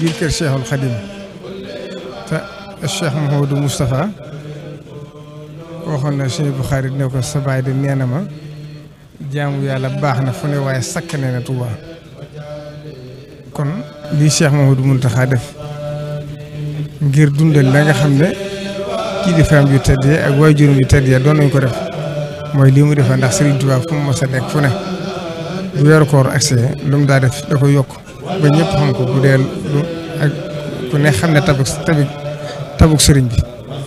biir kër Cheikhul Khadim te Cheikh Mouhamadou Moustapha waxoon na Cheikh Bukhari ne ko sa baay di nee na ma jaamu yàlla baax na fu ne waaye sakk ne na Touba kon lii Cheikh Mouhamadou Mountakha def ngir dundal la nga xam ne kilifaam yu tedd ya ak waajuram yu tedd ya doon nañ ko def mooy lii mu defee ndax Serigne Touba fu mu mos a nekk fu ne bu yor koor accès daa def dafa yokk. ba ñëpp xam ko bu dee lu ak ku ne xam ne tabuk tabuk sëriñ bi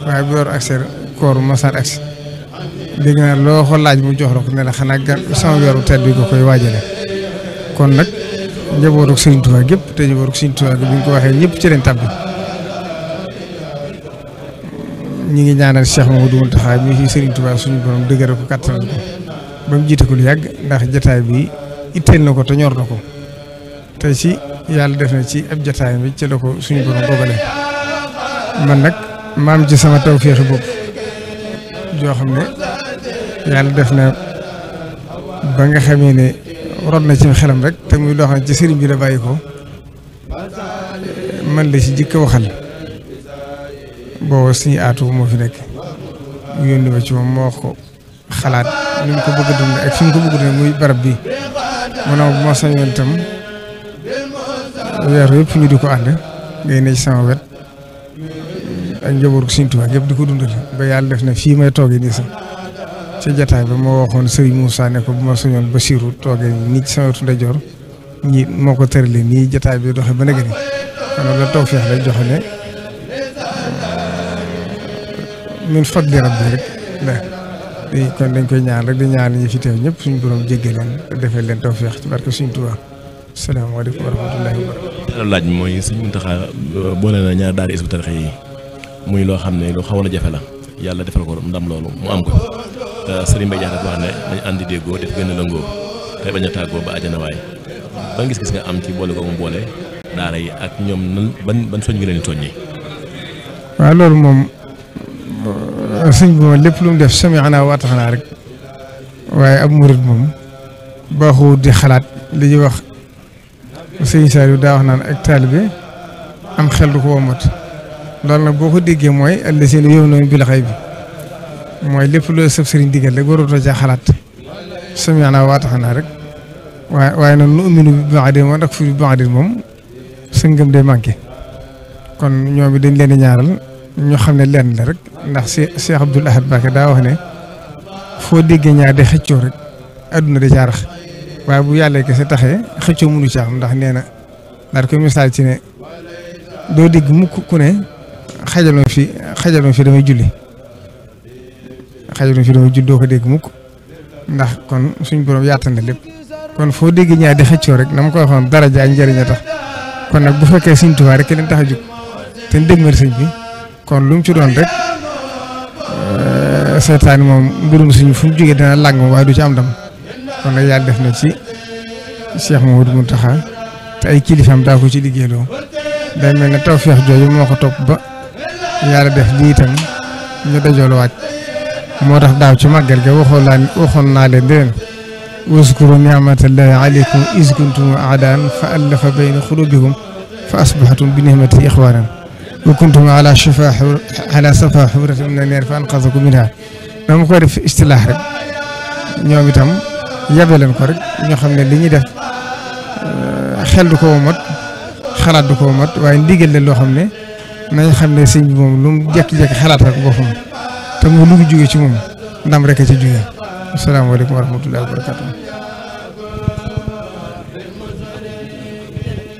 waaye bu yor accès kooru masar accès dégg naa loo ko laaj mu jox la ko ne la xanaa gan sama weeru teel bi nga koy waajale kon nag njabootu ak sëriñ Tuubaa gépp te njabootu ak sëriñ Tuubaa ko waxee ñëpp ci leen ngi ñaanal Cheikh Mamadou Mountakha mi fi sëriñ suñu borom dëgëral ko kattanal ko ba mu jiite ko lu yàgg ndax jataay bi itteel na ko te ñor na ko te ci yàlla def na ci ab jataay bi ci la ko suñu borom dogale man nag maam ci sama taw feex bopp joo xam ne yàlla def na ba nga xamee ne rod na ci xelam rek te muy loo ne ci sëriñ bi la bàyyi ko man la ci jëkk waxal booba suñu aatu moo fi nekk mu yónni ba ci moom moo wax ko xalaat ni ko bëgg a ak fi ko bëgg a muy barab bi mu ne ma bu ma tam weer yëpp ñu di ko ànd ngay ne sama wet ak njabootu Sëriñ Tuubaa yëpp di ko dundal ba yàlla def na fii may toogee nii sax ci ba moo waxoon Serigne Moussa ne bu ma soñoon Basiiru toogee nii ci sama wetu ndeyjoor ñi moo ko tëralee nii jataay bi doxee ba léegi kon la tawfeex joxe ne min fadli rabbi kon dañ koy ñaan rek di ñaan ñi fi teew ñëpp suñu borom jéggal leen defee leen tawfeex ci barke Sëriñ Tuubaa salaamaaleykum wa rahmatullahi wa barakatuh laaj bi euh, boole na ñaar daara Hizbut Tarqiyyah yi muy loo xam ne lu xawoon a jafe la yàlla defal ko ndam loolu mu am ko te sëriñ Mbay Jaxate wax ne dañ àndi déggoo def gën a lëngoo te bañ a tàggoo ba àjjana waay ban gis-gis nga am ci boole ko mu boole daara yi ak ñoom nan ban soñ ngi leen soññi waaw loolu moom euh, sëñ bi moom lépp lu mu def sami'naa wa ata'naa rek waaye ab murid moom baaxu di xalaat li ñuy wax sëñ Saliou daa wax naan ak taalibe am xel ko womat loolu nag boo ko déggee mooy allasina yu'minuuna bil ghaybi mooy lépp loo sëf sëriñ digal rek waratoo caa xalaat sami'naa wa ata'naa rek waaye waaye nag nu'minu bi ba'din wa nakfuru bi moom sa ngëm day manqué kon ñoomi dañ leen ñaaral ñu xam ne lenn la rek ndax seex Abdoul Ahad Mbacké daa wax ne foo déggee ñaar day xëccoo rek adduna da caarax waaye bu yàlla kese taxee xëccoo mënu ci am ndax nee na daal koy misaal ci ne doo dégg mukk ku ne xajaloo fi xajaloo fi damay julli xajaloo fi damay julli doo ko dégg mukk ndax kon suñ borom yaatal lépp kon foo dégg ñaar di rek na ko waxoon dara jaay njëriñ a tax kon nag bu fekkee suñ Tuubaa rek keneen tax a jug te dégmal sëñ bi kon lu mu ci doon rek eh, seetaan moom mbirum suñ fu mu jógee dina làng waaye du ci am dam kon nag yàlla def na ci Cheikh Mouhamadou Mountakha te ay kilifam daa ko ci liggéeyloo day mel ne tawféex jooju moo ko topp ba yàlla def lii itam ñu dajoolu waaj moo tax daaw ci màggal ga waxoon naa waxoon naa leen déwén waskuru ni'matallahi alaykum iz kuntum fa allafa bayna qulubikum fa asbahatum bi ni'matihi ikhwanan wa kuntum ala shafa ala safa hufratin minan nar fa anqadhakum minha dama koy def istilaax rek ñoom itam yabe leen ko rek ñoo xam ne li ñuy def euh, xel du ko mat xalaat du ko mat waaye ndigal leen loo xam ne nañ xam ne sëñ bi moom lu mu jékki-jékki xalaat rek boppam te mu lu mu jógee ci moom ndam rek a ci jógee asalaamaaleykum wa rahmatullahi wa barakatuh